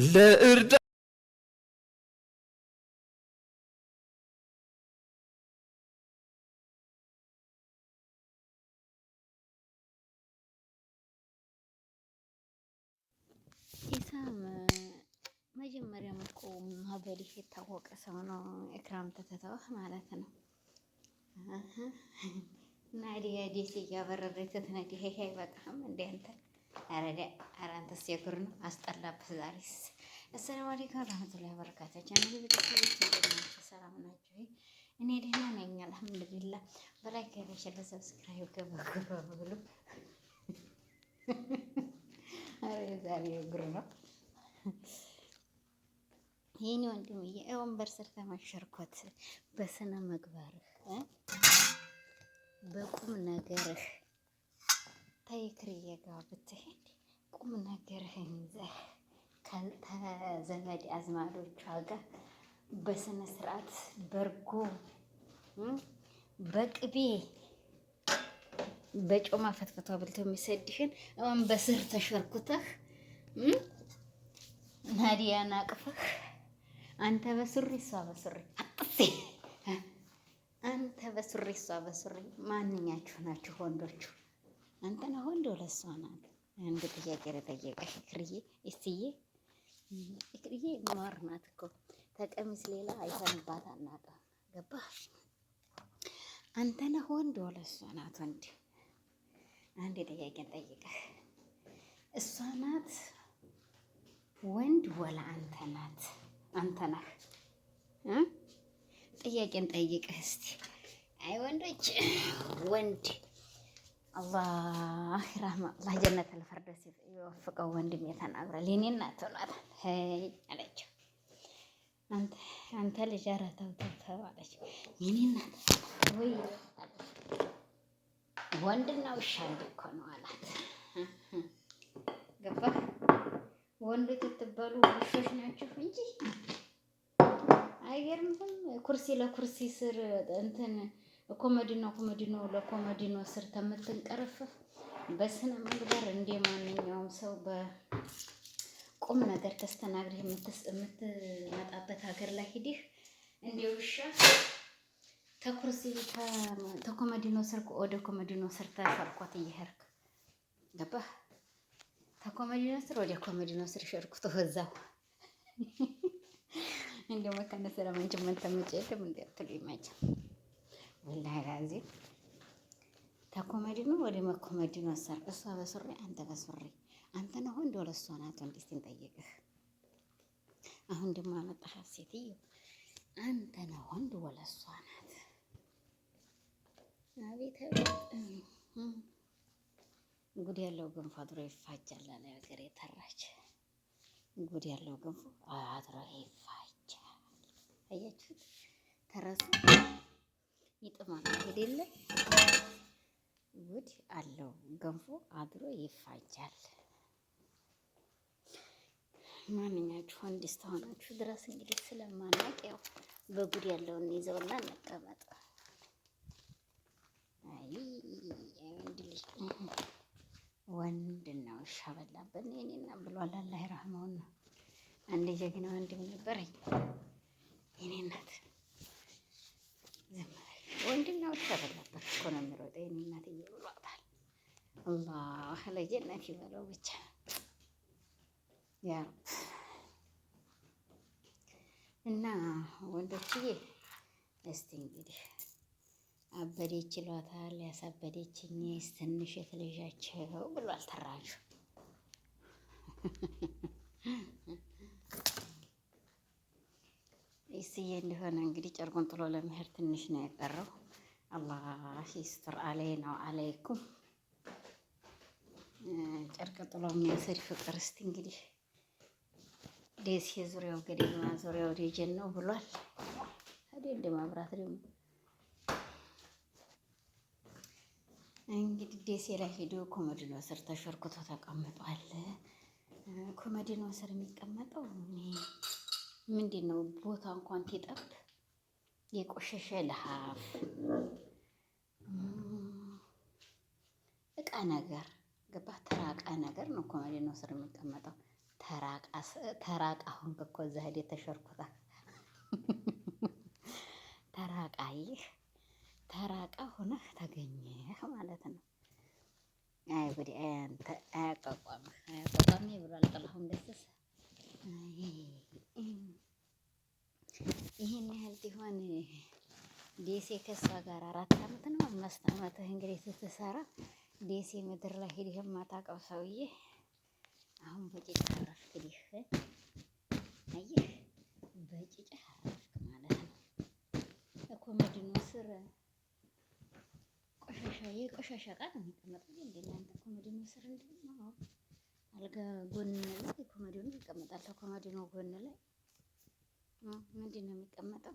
ለእርዳ ኢሳም መጀመሪያ መጥቆ ማበሊህ የታወቀ ሰው ነው። ኢክራም ተተተውህ ማለት ነው። ናዲያ ዴስ እያበረረች ስትነዲህ ይሄ አይበቃህም እንደ አንተ አረጋ ኧረ አንተስ የግር ነው አስጠላብህ ዛሬስ። አሰላሙ አለይኩም ወራህመቱላሂ ወበረካቱህ። ቻናል ቤተሰቦች እንዴት ሰላም ናችሁ? እኔ ደህና ነኝ አልሐምዱሊላህ። በላይክ ሸር፣ ሰብስክራይብ ገባ ብሉ። ኧረ ዛሬ የግር ነው ይህን ወንድምዬ ወንበር ስር ተመሸርኮት በስነ ምግባርህ በቁም ነገርህ ተይክርዬ ጋር ብትሄድ ቁም ነገርህን ይዘህ ከዘመድ አዝማዶቿ ጋር በስነ ስርዓት በርጎ በቅቤ በጮማ ፈትፈቷ ብልቶ የሚሰድህን አሁን በስር ተሸርኩተህ ናዲያን አቅፈህ አንተ በሱሪ እሷ በሱሪ አጥፌ አንተ በሱሪ እሷ በሱሪ ማንኛችሁ ናችሁ ወንዶቹ? አንተን አሁን እንደው ለእሷ ናት አንድ ጥያቄ ለጠየቀሽ እክርዬ እስዬ እክርዬ ማር ናት እኮ ተቀሚስ ሌላ አይተንባት አናጣ ገባ። አንተን አሁን እንደው ለእሷ ናት ወንድ አንድ ጥያቄ ጠይቀህ እሷ ናት ወንድ ወላ አንተ ናት አንተ ነህ እ ጥያቄን ጠይቀህ እስቲ አይ ወንዶች ወንድ አላህ ረህማ አላህ ጀነት አልፈርደስ የወፍቀው ወንድም የተናግሯል። የኔ እናት ብሏታል አለችው። አንተ ልጅ ኧረ ተው ተው ተው አለችው። የኔ እናት ወይ ወንድና ውሻ አንድ እኮ ነው አላት። ገባህ? ወንዶች የምትባሉ ውሾች ናችሁ እንጂ አይገርምህም? ኩርሲ ለኩርሲ ስር እንትን ኮሜዲ ነው ኮሜዲ ነው ለኮሜዲ ነው ስር ተምትንቀረፍፍ በስነ ምግባር እንደ ማንኛውም ሰው በቁም ነገር ተስተናግደህ የምትመጣበት ሀገር ላይ ሂደህ እንደ ውሻ ተኩርሲ ተኮሜዲ ነው ስር ወደ ኮሜዲ ነው ስር ተሰርኳት እየሄድክ ገባህ? ተኮሜዲ ነው ስር ወደ ኮሜዲ ነው ስር ሸርኩት ወዛው እንደው መካነ ሰላም እንጂ ምን ተመጨ የለም እንዴ አትሉ ይመጭ ወላሂ ተኮመድ ነው ወደ መኮመድ ነው አሰር እሷ በሱሪ አንተ በሱሪ አንተ ነው ወንድ ወለ እሷ ናት ወንድ ስንጠይቅህ አሁን ደግሞ አመጣሃት ሴትዮ አንተ ነው ወንድ ወለ እሷ ናት አቤት ጉድ ያለው ገንፎ አድሮ ይፋጃል አለ ሀገር የተራች ጉድ ያለው ገንፎ አድሮ ይፋጃል አያችሁት ተረሱ ይጥማል አይደለ? ውድ አለው ገንፎ አድሮ ይፋጃል። ማንኛችሁ አንድ እስከሆናችሁ ድረስ እንግዲህ ስለማናቅ ያው በጉድ ያለውን ይዘውና እንቀመጥ። አይ ወንድ ልጅ ወንድ ነው ሻበላበት እኔና ብሏል። አላህ ይራህመውና አንድ ጀግና ወንድም ነበረኝ የኔ እናት ወንድና ውሻ ተበላበት እኮ ነው የሚሮጠው የእኔ እናትዬ ብሏታል። አላህ ለጀነት ይበለው ብቻ ያ እና ወንዶችዬ እስቲ እንግዲህ አበዴች ይሏታል ያሳበዴችኝ ትንሽ የትልዣቸው ብሏል ተራጁ እስዬ እንደሆነ እንግዲህ ጨርቁን ጥሎ ለመሄድ ትንሽ ነው የቀረው። አላህ ይስጥር። አለይና አለይኩም ጨርቅ ጥሎ የሚያስር ፍቅር። እስቲ እንግዲህ ደሴ ዙሪያው ገደማ ዙሪያው ደጀን ነው ብሏል። እንደ ማብራት ደግሞ እንግዲህ ደሴ ላይ ሄዶ ኮመዲኖ ስር ተሸርኩቶ ተቀምጧል። ኮመዲኖ ስር የሚቀመጠው እኔ ምንድን ነው ቦታ እንኳን ትጠብ የቆሸሸ ለሀፍ እቃ ነገር ገባ ተራቃ ነገር ነው እኮ ማለት ነው ስር የሚቀመጠው ተራቃ አሁን እኮ እዛ ሄደ ተሸርኩታ ተራቃ ይህ ተራቃ ሆነህ ተገኘህ ማለት ነው። አይ ጉዲ አንተ አያቋቋምህ አያቋቋምህ ብሏል ጥላሁን ገሰሰ። ይህን ያህል ሲሆን ደሴ ከእሷ ጋር አራት አመት ነው አምስት አመትህ እንግዲህ ስትሰራ ደሴ ምድር ላይ ሄደህ የማታውቀው ሰውዬ አሁን በጭጭ አረፍክ። ሄደህ አየህ፣ በጭጭ አረፍክ ማለት ነው እኮ ምንድን ስር ቆሻሻ የቆሻሻ ዕቃ ነው የሚቀመጠው። እንደናንተ እኮ ምንድን ነው ስር እንድነው አልጋ ጎን ላይ ኮመዲኖ ይቀመጣል። ኮመዲኖ ጎን ላይ ምንድን ነው የሚቀመጠው?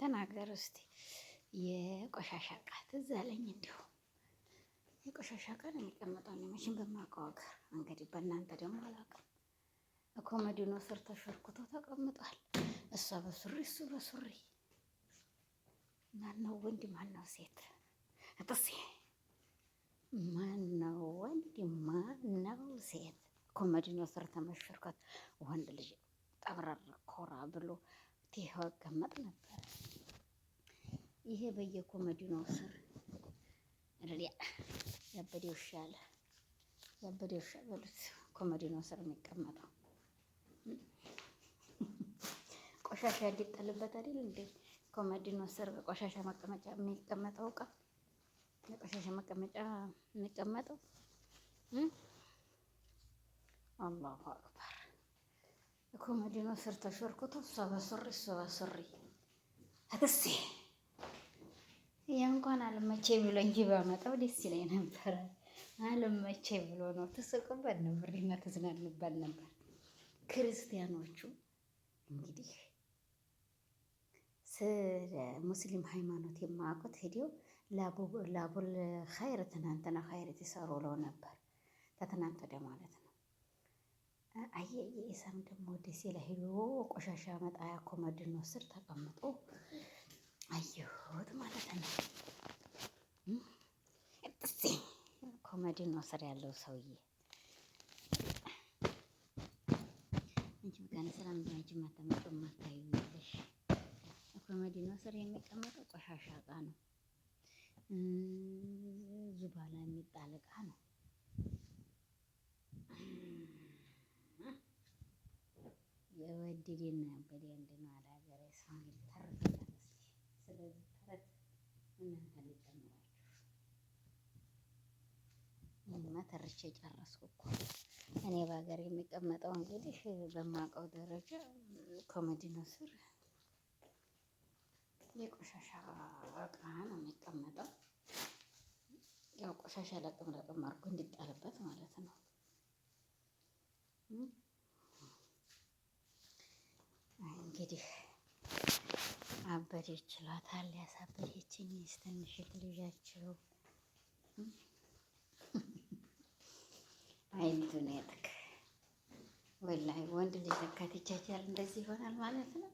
ተናገር እስቲ። የቆሻሻ እቃ ትዝ አለኝ። የቆሻሻ እቃ ነው የሚቀመጠው። እኔ መቼም በማውቀው ሀገር እንግዲህ፣ በእናንተ ደግሞ አላውቅም። ስር ተሸርኩቶ ተቀምጧል። እሷ በሱሪ እሱ በሱሪ ማነው ወንድ ማነው ሴት? እጥሴ ማነው ወንድ ማነው ሴት? ኮሜዲን ሰርተ መሸርካት ወንድ ልጅ ጠብረር ኮራ ብሎ ይቀመጥ ነበር። ይሄ በየኮሜዲኑ ስር ሪያ ያበደ ውሻ አለ ያበደ ውሻ በሉት። ኮሜዲኑ ስር የሚቀመጠው ቆሻሻ እንዲጠልበት አይደል እንዴ? ኮሜዲኑ ስር ቆሻሻ መቀመጫ የሚቀመጠው እቃ የቆሻሻ መቀመጫ የሚቀመጠው አላሁ አክበር እኮ መዲኖ ስር ተሾርኩቶ እሷ በሱሪ እሷ በሱሪ አክስቴ እንኳን አልመቼ ብሎ እንጂ ባመጣው ደስ ይለኝ ነበረ። አልመቼ ብሎ ነው ተሰቁበት ነበር እና ተዝናንባል ነበር። ክርስቲያኖቹ እንግዲህ ስለ ሙስሊም ሃይማኖት የማያውቁት ሄዲው ላቡል ኸይር ትናንትና ኸይር የተሰሩ ለው ነበር ተትናንት ወዲያ ማለት ነው አየየ ኢሳም ደግሞ ደሴ ላይ ሄዶ ቆሻሻ መጣያ ኮመድኖ ስር ተቀምጦ አየሁት ማለት ነው። እጥሴ ኮመድኖ ስር ያለው ሰውዬ አንቺ መካነ ሰላም አንቺ ማተመጡ ማታዩ የለሽ ኮመድኖ ስር የሚቀመጠው ቆሻሻ እቃ ነው። ዙባላ የሚጣል እቃ ነው። የወደደና ያበደ አንድ ነው አለ ሀገሬ ሰው። ተረት ስለዚህ ተረት እናንተ ልጨምራችሁ። እኔማ ተርቼ ጨረስኩ እኮ እኔ በሀገር የሚቀመጠው እንግዲህ በማውቀው ደረጃ ኮመዲኖ ስር የቆሻሻ እቃ ነው የሚቀመጠው። ያው ቆሻሻ ለቅም ለቅም አድርጎ እንዲጣልበት ማለት ነው። እንግዲህ አበደ ይችላታል። ያሳበደችኝ ትንሽ ልጃችሁ አይዱኔትክ ወላሂ ወንድ ልጅ ለካ ትቻቻል እንደዚህ ይሆናል ማለት ነው።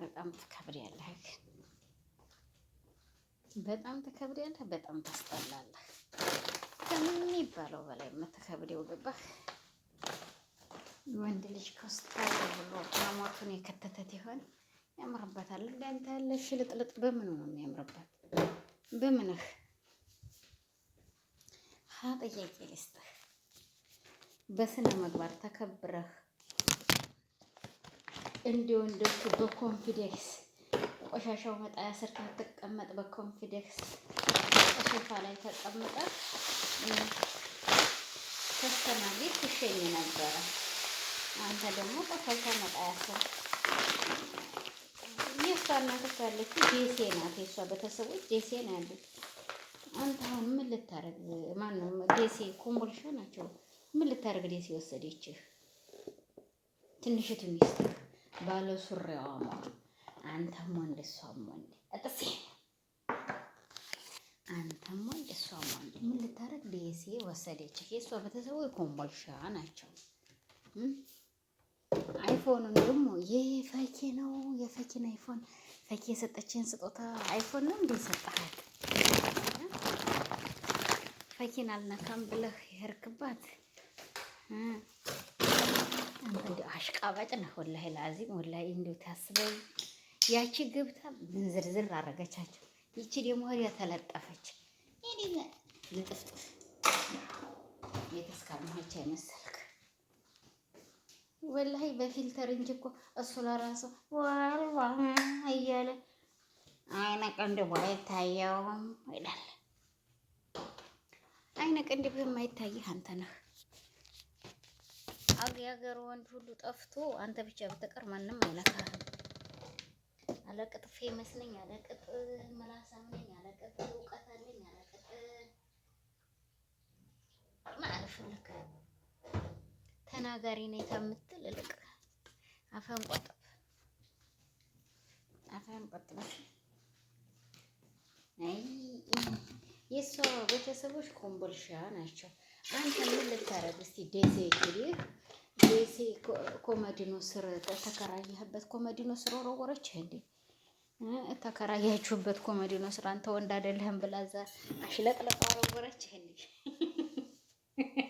በጣም ትከብሪያለህ፣ በጣም ትከብሪያለህ፣ በጣም ታስጠላለህ። ከምን ይባለው በላይ የምትከብደው ገባህ ወንድ ልጅ ከውስጥ ብሎ ጫማቱን የከተተት ይሆን ያምርበታል። እንዳንተ ያለ ሽልጥልጥ በምኑ ነው የሚያምርበት? በምንህ ሀ ጥያቄ ልስጥህ። በስነ መግባር ተከብረህ እንደ ወንዶቹ በኮንፊደንስ ቆሻሻው መጣያ ስር ከተቀመጥ በኮንፊደንስ ሶፋ ላይ ተቀምጠህ ተስተናግድ ትሸኝ ነበረ። አንተ ደግሞ ተፈልቶ መጣያሰ የእሷ እናቶች ያለችው ዴሴ ናት። የእሷ ቤተሰቦች ዴሴ ነው ያሉት። አንተ አሁን ምን ልታረግ ማነው? ዴሴ ኮምቦልሻ ናቸው። ምን ልታረግ ዴሴ ወሰደችህ? ትንሽቱ ሚስት ባለ ሱሪዋ ሟል፣ አንተም ወንድ እሷም ወንድ፣ እጥፌ አንተም ወንድ እሷም ወንድ። ምን ልታረግ ዴሴ ወሰደችህ? የእሷ ቤተሰቦች ኮምቦልሻ ናቸው። አይፎኑን ደግሞ የፈኪ ነው የፈኪን አይፎን ፈኪ የሰጠችን ስጦታ አይፎን ነው እንዴ ሰጠሃል? ፈኪን አልነካም ብለህ የሄድክባት እንዲ አሽቃባጭ ነህ። ወላሂ ለአዚም ወላሂ እንዲ ታስበኝ። ያቺ ገብታ ምን ዝርዝር አረገቻቸው። ይቺ ደግሞ ወዲያ ተለጠፈች። ልጥፍጥፍ የተስካርማች አይመሰል ወላሂ በፊልተር እንጂ እኮ እሱ ለራሱ ወላ እያለ አይነ ቅንድቡ አይታየውም ይላል። አይነ ቅንድቡ የማይታይህ አንተ ነህ። የሀገሩ ወንድ ሁሉ ጠፍቶ አንተ ብቻ ብትቀር ማንም አይለካህም። አለቅጥፌ ይመስለኝ አለቅጥ ተናጋሪ ነኝ ከምትል እልቅ አፈን ቆጥብ፣ አፈን ቆጥብ። አይ የእሷ ቤተሰቦች ኮምቦልሻ ናቸው። አንተ ምን ልታረግ እስቲ ደሴ እንግዲህ ደሴ ኮመዲኖ ስር ተከራየህበት ኮመዲኖ ስር ወረወረችህ እንዴ? ተከራያችሁበት ኮመዲኖ ስር አንተ ወንድ አይደለህም ብላ እዛ አሽለጥለጥ ወረወረችህ እንዴ?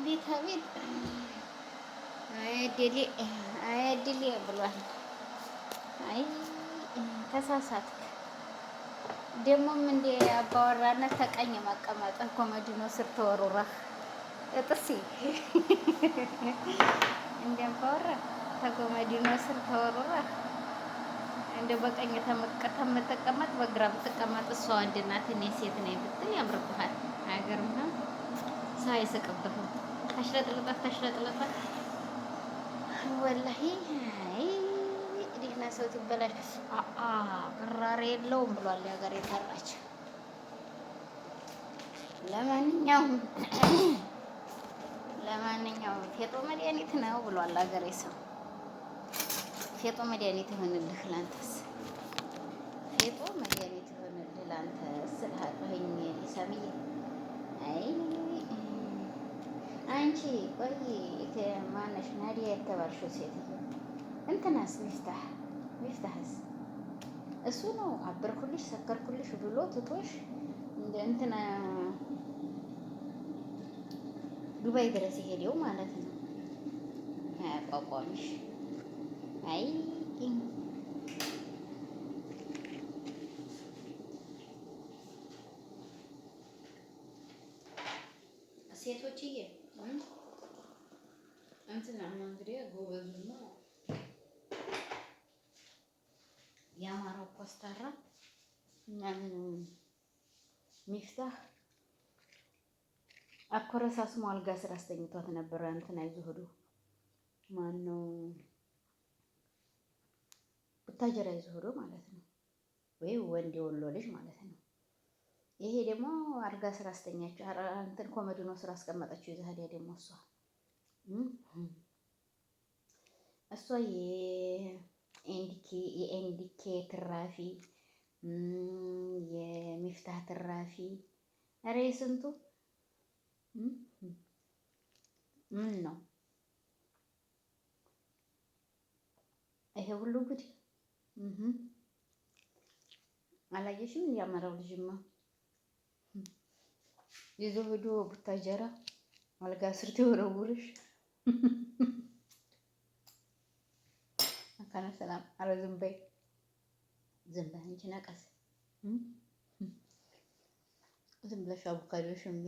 አቤት አቤት አያድሌ አያድሌ ብሏል። አይ ተሳሳትክ። ደግሞም እንደ አባወራነት ተቀኝ መቀመጥህ ኮመዲኖ ስር ተወሩረህ እጥሲ እንደ አባወራ ተኮመዲኖ ስር ተወሩረህ እንደ በቀኝ ከምትቀመጥ በግራ ብትቀመጥ እሷ ወንድ ናት እኔ ሴት ነኝ ብትል ያምርብሃል። አያገርምህም? ሰው አይስቅብህም። አሽለጥልጣት ታሽለጥልጣት። ወላሂ አይ ደህና ሰው ትበላችሁ። አአ ቅራሬ የለውም ብሏል የሀገሬ ተራች። ለማንኛውም ለማንኛውም ፌጦ መድኃኒት ነው ብሏል ሀገሬ ሰው። ፌጦ መድኃኒት ይሆንልህ ላንተስ፣ ፌጦ መድኃኒት ይሆንልህ ላንተስ እልሃለሁኝ። አንቺ ቆይ ማነሽ ናዲያ የተባልሽው ሴትዮ እንትናስ ሚፍታህ ሚፍታህስ እሱ ነው አበርኩልሽ ሰከርኩልሽ ብሎ ትቶሽ እንትና ዱባይ ድረስ የሄደው ማለት ነው። አያቋቋምሽ። አይ ሴቶችዬ እንትን አሁን እንግዲህ የአማራው ኮስታራ እና ሚፍታህ አኮረሳስሞ አልጋ ስር አስተኝቷት ነበረ። እንትን አይዞህ ብታጀራ ማለት ነው ወይ ወንድ የወሎ ልጅ ማለት ነው። ይሄ ደግሞ አልጋ ስራ አስተኛችሁ እንትን ነው ስራ አስቀመጠችው። ይዛ ሄዳ ደግሞ እሷ እሷ የኤንዲኬ የኤንዲኬ ትራፊ የሚፍታህ ትራፊ ኧረ ስንቱ ምን ነው ይሄ ሁሉ ጉድ አላየሽም? እንዲያመራው ልጅማ ይዞ ሄዶ ቡታጀራ አልጋ ስርት የወረውርሽ አካና ሰላም። አረ ዝም በይ ዝም በይ እንጂ ነቀስ ዝም ብለሽ አቮካዶሽ እምቢ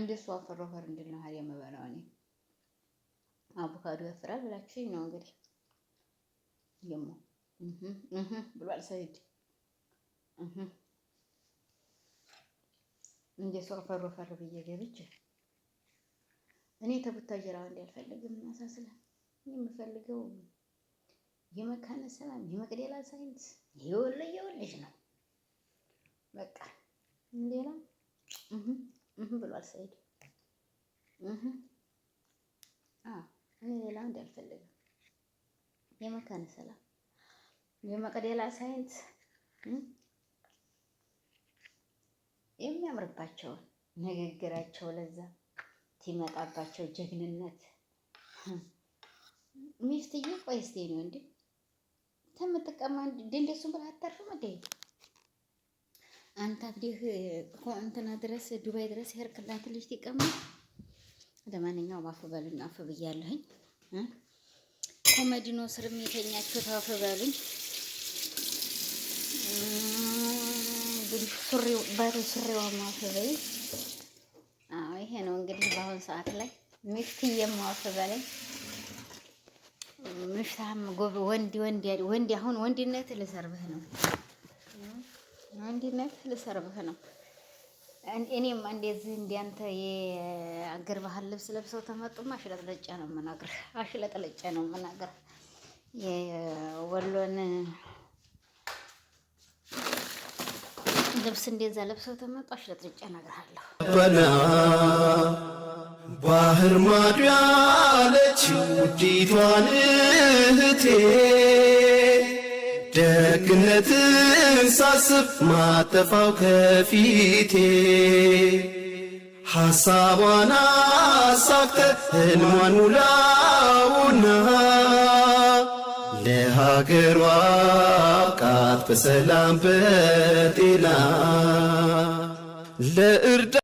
እንደሱ አፈር ወፈር እንድል ነው ሀሪያ የምበላው እኔ። አቮካዶ ያፈራል ብላችሁ ነው እንግዲህ ደግሞ ብሏል ሰይድ እንደ ሰው አፈር ወፈር ብዬ ገብቼ እኔ ተቡታጀራ ወንድ አልፈልግም። እናሳስለን የምፈልገው የመካነ ሰላም የመቅደላ ሳይንስ የወለ የወለች ነው። በቃ እህ ብሏል ሰይድ። እኔ ሌላ ወንድ አልፈልግም። የመካነ ሰላም የመቅደላ እህ የሚያምርባቸውን ንግግራቸው ለዛ ሲመጣባቸው ጀግንነት ሚስትዬ ቆይ እስቴ ነው እንዴ ተምጥቀማ እንዴ እንደሱ ብላ አታርፍም እንዴ አንተ እንግዲህ እንትና ድረስ ዱባይ ድረስ ሄርክላት ልጅ ትቀማ። ለማንኛውም አፍ በሉኝ፣ አፍ ብያለሁኝ። ኮመዲኖ ስርም የተኛችሁ ታፍ በሉኝ። አለብኝ ሱሪው በሩ ሱሪዋ ማፈበይ አዎ ይሄ ነው እንግዲህ በአሁን ሰዓት ላይ ምፍትዬ ማፈበለኝ ምፍታም ጎብ ወንድ ወንድ ወንድ አሁን ወንድነት ልሰርብህ ነው ወንድነት ልሰርብህ ነው። እኔም እንደዚህ እንዲያንተ የአገር ባህል ልብስ ለብሰው ተመጡማ አሽለጥለጫ ነው የምናገር አሽለጥለጫ ነው የምናገር የወሎን ልብስ እንደዛ ለብሰው ተመጣሽ ለጥርጫ እነግርሃለሁ። ባህር ማዶ ያለች ውዲቷን እህቴ ደግነትን ሳስብ ማጠፋው ከፊቴ ሐሳቧን አሳክተ ህልሟን ሙላውና ለሀገሯ አብቃት በሰላም በጤና